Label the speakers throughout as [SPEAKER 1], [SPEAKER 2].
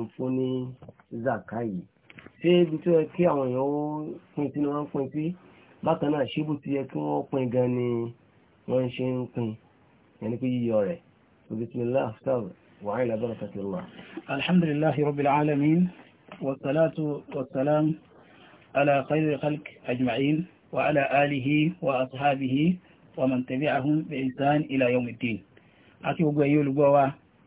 [SPEAKER 1] ń fún ní zaka yìí ṣé ibi tó yẹ kí àwọn èèyàn ó pín sí ni ń pín sí bákan náà ṣíbù ti yẹ kí wọ́n pín gan ni wọ́n ṣe ń pín yẹn ni pé yíyọ rẹ̀ bismillah aftab وعلى بركة الله الحمد لله رب العالمين والصلاة والسلام على خير الخلق أجمعين وعلى آله وأصحابه ومن تبعهم بإنسان إلى يوم الدين أكي أقول يقول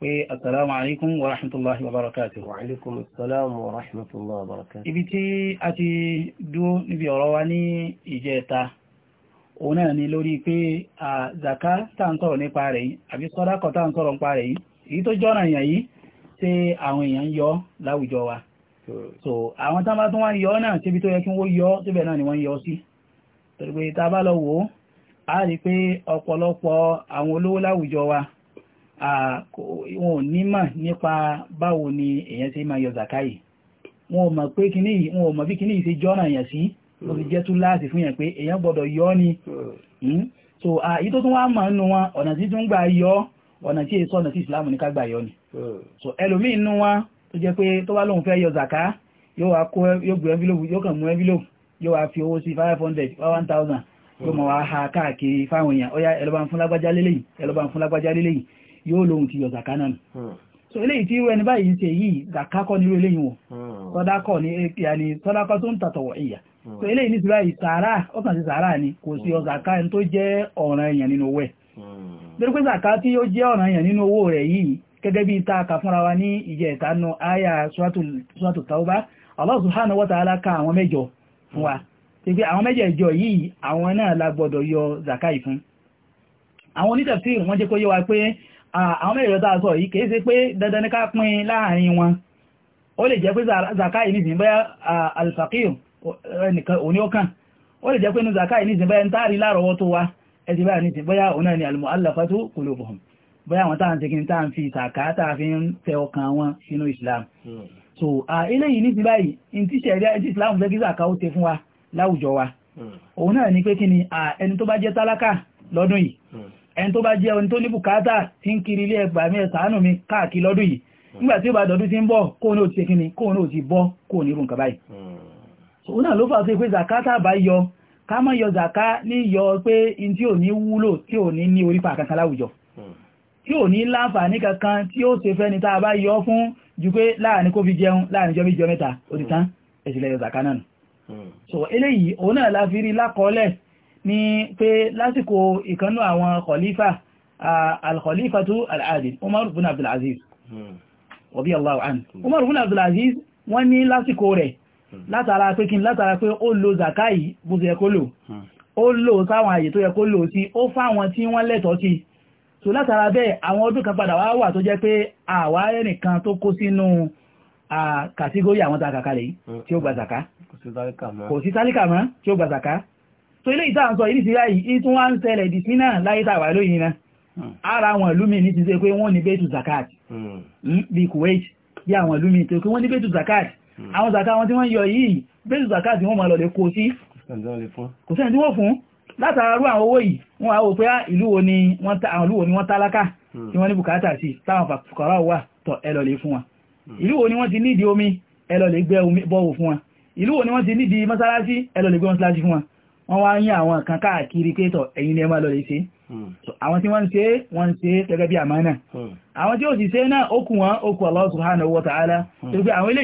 [SPEAKER 1] pé assalamu alaikum wa rahmatullahi wa barakatuhu wa alaikum assalamu wa rahmatullahi wa barakatuhu ibi tí a ti dúró níbi ọ̀rọ̀ wa ní ìjẹta òun náà ni lórí pé a zaka tá nípa rẹ̀ yìí àbí sọ́dákọ̀ tá nípa rẹ̀ yìí èyí tó jọ́nà èèyàn yìí tí àwọn èèyàn yọ láwùjọ wa so àwọn tán bá tún wá yọ náà síbi tó yẹ kí wọ́n yọ síbẹ̀ náà ni wọ́n yọ sí torí pé tá bá lọ wò á rí pé ọ̀pọ̀lọpọ̀ àwọn olówó láwùjọ wa wọn ò nímọ̀ nípa báwo ni èèyàn ṣe máa yọ zakai wọn ò mọ̀ pé kíní wọn ò mọ̀ bí kíní ṣe jọ́nà èèyàn sí ó fi jẹ́ tún láàsì fún yẹn pé èèyàn gbọ́dọ̀ yọ ni hmm? so èyí tó tún wá mọ̀ nínú wọn ọ̀nà tí tún gbà yọ ọ̀nà tí èso ọ̀nà tí ìsìláàmù ní ká gbà yọ ni so ẹlòmíín nínú wọn tó jẹ́ pé tó bá lóun fẹ́ yọ zaka yóò wá kó yóò gbé envelope yóò kàn mú envelope yóò wá fi owó sí five hundred one thousand yóò mọ̀ wá ha káàkiri fáwọn èèyàn ó yá ẹlọ́ba ń fún lágbájá lélẹ́yìn ẹlọ́ba ń fún lágbájá lélẹ́yìn yóò lóhun ti yọ zaka náà hmm. so eléyìí tí irú ẹni báyìí ń ṣe yìí zaka kọ́ nírú eléyìí wọn sọdákọ̀ ní ni sọdákọ̀ tó ń tàtọ̀wọ̀ ìyà hmm. so eléyìí ní ìsúra ìsàárà ó ni kò sí ọ̀zàká hmm. ẹni tó jẹ́ ọ̀ràn èèyàn nínú owó ẹ̀ pé zaka tí ó jẹ́ ọ̀ràn èèyàn nínú owó rẹ̀ yìí gẹ́gẹ́ bí ta fúnra wa ní ìjẹ́ àyà tauba ka àwọn mẹ́jọ fún wa ti pé yìí àwọn náà la gbọ́dọ̀ yọ zaka Ah, àwọn mẹ́rin tá a sọ yìí kìí ṣe pé dandan ní ká pín láàrin wọn ó lè jẹ́ pé zaka yìí nìsìn bẹ́ẹ̀ ah, alfaqir nìkan òní ó kàn ó lè jẹ́ pé ní zaka yìí nìsìn bẹ́ẹ̀ ń tó wa ẹ̀sì bẹ́ẹ̀ nìsìn bẹ́ẹ̀ òun náà ni almu'allafatu qulubuhum bẹ́ẹ̀ àwọn táà ń tekin táà wọn sínú Islam so eléyìí nìsìn báyìí ní tí sẹ̀rí ẹ̀sì Islam fẹ́ kí zaka ó tẹ fún wa láwùjọ wa hmm. òun náà ẹni tó bá jẹ́ ẹni tó ní bùkátà tí ń kiri ilé ẹgbàá mi ẹ̀sánù mi káàkiri lọ́dún yìí nígbà tí ó bá dọ̀dún tí ń bọ̀ kóun náà ti kíni kóun náà ti bọ́ kóun ní irú nǹkan hmm. òun náà ló fà pé zakata bá yọ ká má yọ zaka ní yọ pé in tí ò ní wúlò tí ò ní ní orí pa kankan láwùjọ hmm. tí ò ní láǹfààní kankan tí ó ṣe fẹ́ni tá a bá yọ fún ju pé láàrin kó fi jẹun láàrin jọ méjì mẹ́ta ó tán ẹ̀sìn lẹ́yọ zaka náà hmm. so eléyìí òun la fi rí lákọọ́lẹ̀ ní pé lásìkò ìkanú àwọn khalifa al-khalifatu al-adil umar bin abdul aziz hmm. radiyallahu anhu hmm. umar bin abdul aziz wọ́n ní lásìkò rẹ̀ hmm. látara pé kí látara pé ó lo zakai bó ti yẹ kó lò ó lò sáwọn àyè tó yẹ kó lò sí ó fáwọn tí wọ́n lẹ́tọ̀ọ́ sí so látara bẹ́ẹ̀ àwọn ọdún kan padà wá wà tó jẹ́ pé àwa ẹnìkan tó kó sínú kàtígórì àwọn tàkàkà tí ó gbà zàká kò sí tálíkà mọ́ tí ó gbà zàká so ilé ìtàn sọ ìrísí báyìí tún wá ń ṣẹlẹ̀ dì sí náà láyé tàwà lóyìn náà ara àwọn ìlúmi ní ti ṣe pé wọ́n ní bẹ́ẹ̀tù zakat hmm. Hmm, bí Kuwait bí àwọn ìlúmi tó kí wọ́n ní bẹ́ẹ̀tù hmm. zakat àwọn zakat wọn tí wọ́n yọ yìí bẹ́ẹ̀tù zakat wọ́n máa lọ̀lẹ̀ kó sí kò sẹ́ni tí wọ́n fún látàrú àwọn owó yìí wọ́n wá wò pé ah, ìlú wo ni wọ́n tálákà tí wọ́n ní bùkátà sí táwọn fàkọ̀rọ̀ wà tọ̀ ẹ lọ̀lẹ̀ fún wọn ìlú wo ni wọ́n ti nídìí omi ẹ lọ̀lẹ̀ gbẹ́ bọ́wọ̀ fún wọn ìlú wo ni wọ́n ti nídìí mọ́sálásí ẹ lọ̀lẹ̀ gbẹ́ mọ́sálásí fún wọn wọ́n wá yín àwọn kan káàkiri pé tọ̀ ẹ̀yin lọ lè ṣe hmm. àwọn tí wọ́n ṣe wọ́n ṣe gẹ́gẹ́ bí àmánà hmm. àwọn tí ó sì ṣe náà ó kù ó hmm. àwọn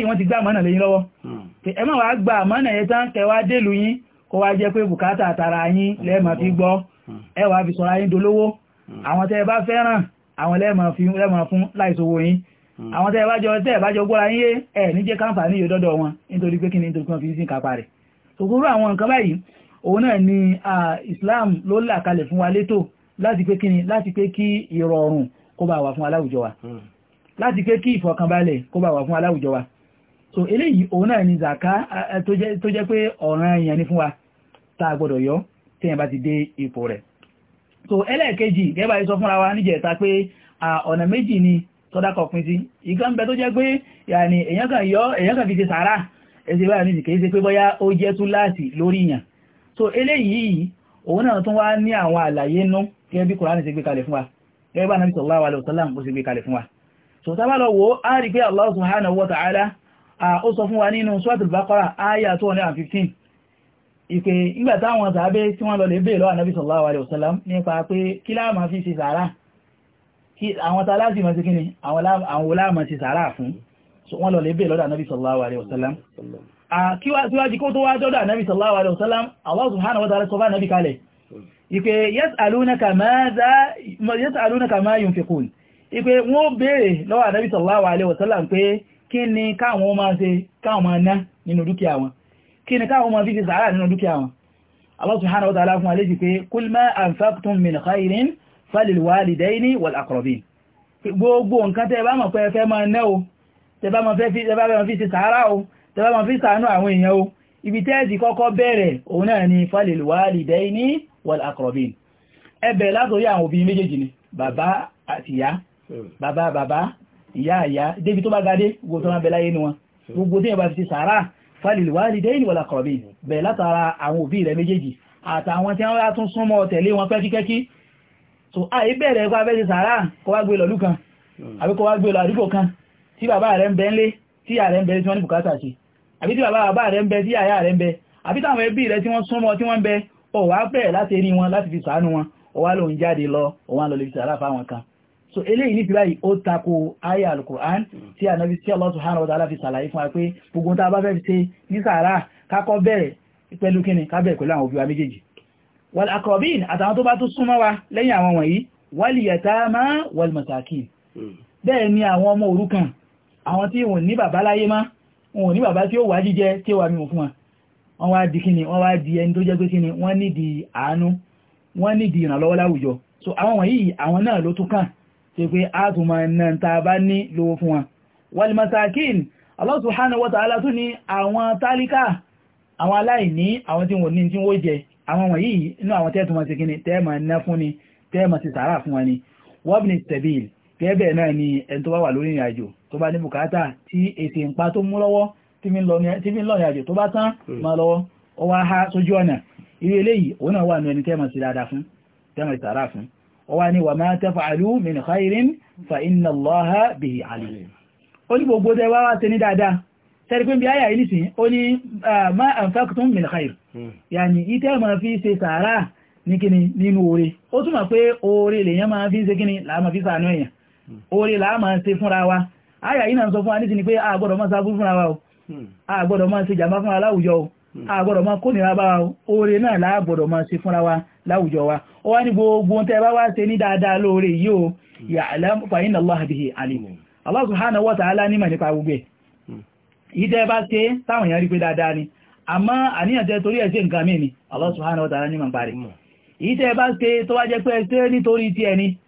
[SPEAKER 1] wọ́n ti gbá àmánà lẹ́yìn lọ́wọ́ tán yín kó wá jẹ́ tara yín fi fi yín dolówó àwọn tẹ́ ẹ bá fẹ́ràn àwọn fún láìsowó yín àwọn tẹ́ ẹ bá jọ gbọ́ra yín ẹ òun náà ni Islam ló là kalẹ̀ fún wa létò láti pé kíni láti pé kí ìrọ̀rùn kó bá wà fún aláwùjọ wa hmm. láti pé kí ìfọ̀kànbalẹ̀ kó bá wà fún aláwùjọ wa so eléyìí òun náà ni zaka tó jẹ́ pé ọ̀ràn èèyàn ni fún wa tá a gbọ́dọ̀ yọ téèyàn bá ti dé ipò rẹ̀ so ẹlẹ́ẹ̀kejì gẹ́gbà sọ fúnra wa níjẹ̀ta pé ọ̀nà méjì ni sọ́dákọ̀ pín sí ìkan bẹ tó jẹ́ pé yàní èèyàn kan yọ èèyàn kan fi ṣe sàárà ẹ̀sẹ̀ ni. ní kìí ṣe pé bóyá ó jẹ́ túláàsì lórí yàn so eléyìí òun náà tún wá ní àwọn àlàyé nú gẹ́gẹ́ bí kùránì ṣe gbé kalẹ̀ fún wa gẹ́gẹ́ bá nàbí sallallahu alaihi wasallam ó ṣe gbé kalẹ̀ fún wa so tá bá lọ wo á rí pé Allah subhanahu wa ta'ala wa nínú suratul baqara aya 215 ìpè ìgbà táwọn tàbí tí wọ́n lọ lè bèèrè lọ́wọ́ nàbí sallallahu alaihi wasallam nípa pé kí láàmà fi ṣe sàárà àwọn tàbí ni àwọn láàmà ṣe sàárà so wọ́n lọ lè bèèrè lọ́dọ̀ alaihi wasallam síwájú kó tó wá jọ́dọ̀ ànábì sallallahu alaihi wasallam Allah subhanahu wa ta'ala sọ bá nábi kalẹ̀ ipe yas'alunaka ma yunfiqun ipe wọ́n bèèrè lọ́wọ́ ànábì sallallahu alaihi wasallam pé kí ni káwọn máa ṣe káwọn máa ná nínú dúkìá wọn kí ni káwọn máa fi ṣe sàárà nínú dúkìá wọn Allah subhanahu wa ta'ala fún alẹ́jì pé kul ma anfaqtum min khairin falil walidaini wal aqrabin gbogbo nǹkan tẹ́ bá mọ̀ fẹ́ máa ná tẹ́lá máa fi sàánú àwọn èèyàn o ibi tẹ́ẹ̀dì kọ́kọ́ bẹ̀rẹ̀ òun náà ni falil walidaini wal aqrabin ẹbẹ̀ látòrí àwọn òbí méjèèjì ni bàbá àti ìyá bàbá bàbá ìyá ìyá débi tó bá gadé gbogbo tó máa bẹ láyé nu wọn gbogbo tí yẹn bá ti sàárà falil walidaini wal aqrabin bẹ̀ wọ́n tún so àì bẹ̀rẹ̀ ẹ̀kọ́ abẹ́ ti sàárà kọ́ wá gbé lọ lúkan àbí kọ́ wá gbé lọ àdúgbò kan tí bàbá rẹ̀ ń bẹ́ńlé tí ìyá ń bẹ́ńlé tí wọ́n ní bùkátà sí àbí tí bàbá bàbá rẹ̀ ń bẹ tí àyà rẹ̀ ń bẹ àbí táwọn ẹbí rẹ̀ tí wọ́n súnmọ́ tí wọ́n ń bẹ ó wá fẹ́ láti rí wọn láti fi ṣàánú wọn ó wá lòun jáde lọ ó lọ lè fi sàárà fáwọn kan so eléyìí ní fìlà yìí ó tako àyà alukur'an tí ànábi tí Allah subhanahu wa ta'ala fi ṣàlàyé fún wa pé gbogbo tá a bá fẹ́ fi ṣe ní sàárà kákọ́ bẹ̀rẹ̀ pẹ̀lú kíni ká bẹ̀rẹ̀ pẹ̀lú àwọn òbí wa méjèèjì wal aqrabin àtàwọn tó bá tún súnmọ́ wa lẹ́yìn àwọn wọ̀nyí wal yatama wal masakin hmm. bẹ́ẹ̀ ni àwọn ọmọ òrukàn àwọn tí wọ́n ní bàbá láyé máa wọn ò ní bàbá tí ó wà jíjẹ tí ó wà mímọ̀ fún wa wọ́n wá di kíni wọ́n wá di ẹni tó jẹ́ pé kíni wọ́n nídìí àánú wọ́n nídìí ìrànlọ́wọ́ láwùjọ so àwọn wọ̀nyí àwọn náà ló tún kàn ṣe pé a tún máa na ta bá ní lówó fún wa wal masakin Allah subhanahu wa ta'ala tún ní àwọn tálíkà àwọn aláìní àwọn tí wọ́n ní tí wọ́n jẹ àwọn wọ̀nyí inú àwọn tẹ́ẹ̀tùmọ̀ sí kíni tẹ́ẹ̀mà ná fún ni tẹ́ẹ̀mà sí sàárà fún wa ni wabni sabil gẹ́gẹ́ náà ni ẹni tó bá wà lórí ìrìn àjò tó bá ní bùkátà tí ètè ìpa tó mú lọ́wọ́ tí fi ń lọ ìrìn àjò tó bá tán hmm. máa lọ́wọ́ ó wá há sójú ọ̀nà irú eléyìí òun náà wà nù ẹni tẹ́mọ̀ sí dáadáa fún tẹ́mọ̀ ìtàrà fún ó wá ní wa ma taf'alu min fa inna Allaha hmm. bí ayà yìí oore là á máa ṣe fúnra wa àyà yìí náà sọ fún wa ma pé a máa sábú fúnra wa o a máa ṣe jàmbá fúnra láwùjọ o a gbọ́dọ̀ máa hmm. kónìra bá wa oore náà là máa ṣe fúnra wa láwùjọ wa ó wá ní gbogbo tẹ́ bá wá ní dáadáa lóore yìí o hmm. ya'lamu fa inna Allaha bihi hmm. nímọ̀ nípa gbogbo ẹ̀ bá táwọn èèyàn rí pé dáadáa ni àmọ́ àníyàn jẹ́ torí ẹ̀ṣẹ́ nǹkan ni Allah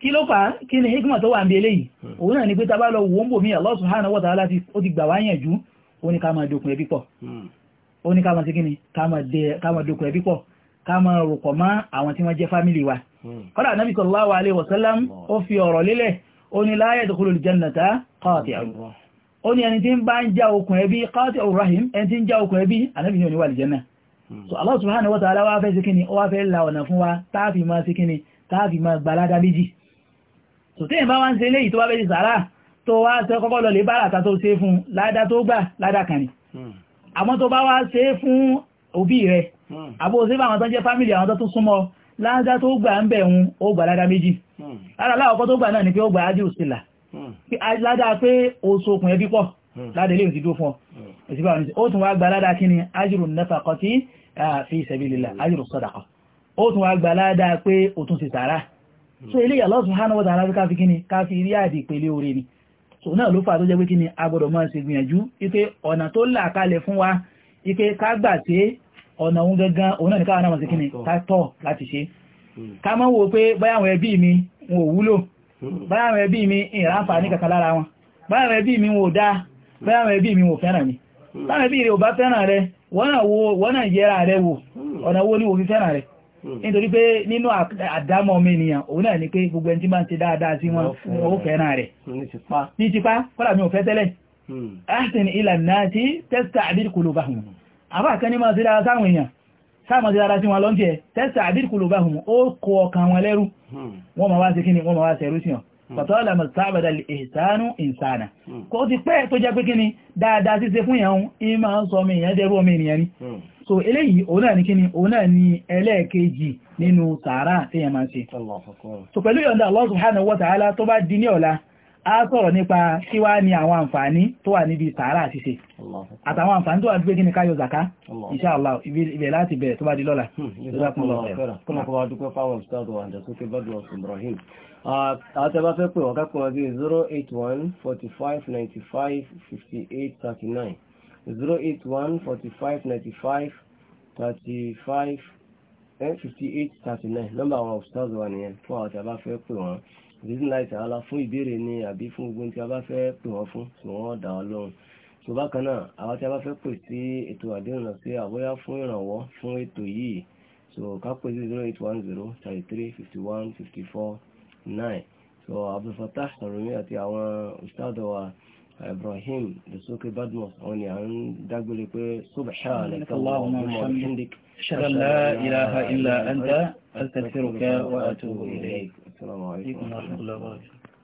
[SPEAKER 1] kí ló fà á kí ni hikma tó wà ń bí eléyìí hmm. òun náà ni pé tábà lọ wọ́n bò mí Allah subhanahu wa ta'ala ó ti gbà wáyànjú ó ní ká máa dokùn ẹbí pọ̀ hmm. ó ní ká máa ṣe kí ni ká máa dokùn ẹbí pọ̀ ká máa rùpọ̀ mọ́ àwọn tí wọ́n jẹ́ fámìlì wa hmm. kọ́dà Nabi sallallahu alaihi wasallam ó fi ọ̀rọ̀ la yadkhulul jannata qati'un ó ní ẹni tí ń bá ń rahim ẹni tí ń já okùn ẹbí so Allah subhanahu wa ta'ala wá fẹ́ sí la ọ̀nà fún wa táàfì máa sí so tí ìbá wá ń ṣe léyìí tó bá bẹ́ẹ̀ sàárà tó wá ṣe kọ́kọ́ lọ lè bára àtàtò ṣe fún ládá tó gbà ládá kan ni hmm. àmọ́ tó bá wá ṣe fún òbí rẹ̀ hmm. àbó ṣe fún àwọn tó ń jẹ́ fámìlì àwọn tó tún súnmọ́ ládá tó gbà ń bẹ̀ ń ó gbà ládá méjì ó tún wá gbà nafaqati ah, fi sabilillah ájùrù sadaqa ó tún wá gbà ládá pé ó tún ti sàárà so eléyìí Allah subhanahu wa ta'ala ká fi kíni ká fi rí àdì ìpele oore ni so náà ló fà tó jẹ́ pé kíni a gbọ́dọ̀ máa ṣe gbìyànjú ipe ọ̀nà tó là fún wa ipe ká gbà pé ọ̀nà òun gangan òun náà ní káwọn náà mọ̀ sí kíni ká tọ̀ láti ṣe hmm. ká mọ́ wo pé báyà ẹbí mi wọn ò wúlò hmm. mi ìrànfà ní hmm. kankan lára wọn mi wọn ò mi wọn ò fẹ́ràn mi láwọn ẹbí rẹ̀ ò bá Hmm. nítorí pé nínú àdámọ́ ọmọ ènìyàn òun náà ni pé gbogbo ẹni tí máa ń ṣe dáadáa sí wọn ó fẹ́ràn rẹ̀ hmm, ní tipa kọ́lá mi ò fẹ́ tẹ́lẹ̀ hmm. ahsin ila nati tasta'bid qulubahum àbá kan ní máa ṣe dáadáa sáwọn èèyàn sáàmọ̀ sí ara sí wọn lọ́njẹ́ tẹ́sà àbíkùlù bá hùn ó kọ ọkàn wọn lẹ́rú wọ́n ma wá sí kíni wọ́n ma wá sẹ̀rú síyàn pàtàlà mọ̀sáàbàdà ìsànú so eléyìí òun náà ní kíni òun náà ní ẹlẹ́ẹ̀kejì nínú sàárà téèyàn máa ń ṣe so pẹ̀lú ìyọ̀ǹda Allah subhanahu wa ta'ala tó bá di ní ọ̀la a sọ̀rọ̀ nípa kí wá ní àwọn àǹfààní tó wà níbi sàárà ṣíṣe àtàwọn àǹfààní tó wà níbi kíni káyọ̀ zaka insha Allah ibẹ̀ láti bẹ̀rẹ̀ tó bá di lọ́la hmm, àtẹ́bá fẹ́ pè wọ́n
[SPEAKER 2] kápẹ́ wọn bí 081 45 95 58 39
[SPEAKER 1] zero eight one forty five ninety five thirty five eh, fifty eight thirty nine nọ́mbà àwọn ọ̀sítàzù wa nìyẹn fún àwọn tí a bá fẹ́ pè wọ́n reason light àlá fún
[SPEAKER 2] ìbéèrè ni àbí fún gbogbo tí a bá fẹ́ pè wọ́n fún tí wọ́n dà wọ́n lóhùn tó bákan náà àwọn tí
[SPEAKER 1] a bá fẹ́ pè sí ètò àdéhùn náà sí àbóyá fún ìrànwọ́ fún ètò yìí so ká pè sí zero eight one zero thirty three fifty one fifty four nine so Abdulfatah
[SPEAKER 2] Sarumi àti àwọn ọ̀sítàzù wa. إبراهيم لسوق بدمس هون يعني
[SPEAKER 1] دقولي كوي سبحانك اللهم وبحمدك أشهد أن لا إله إلا أنت أستغفرك وأتوب إليك
[SPEAKER 2] السلام عليكم ورحمة الله وبركاته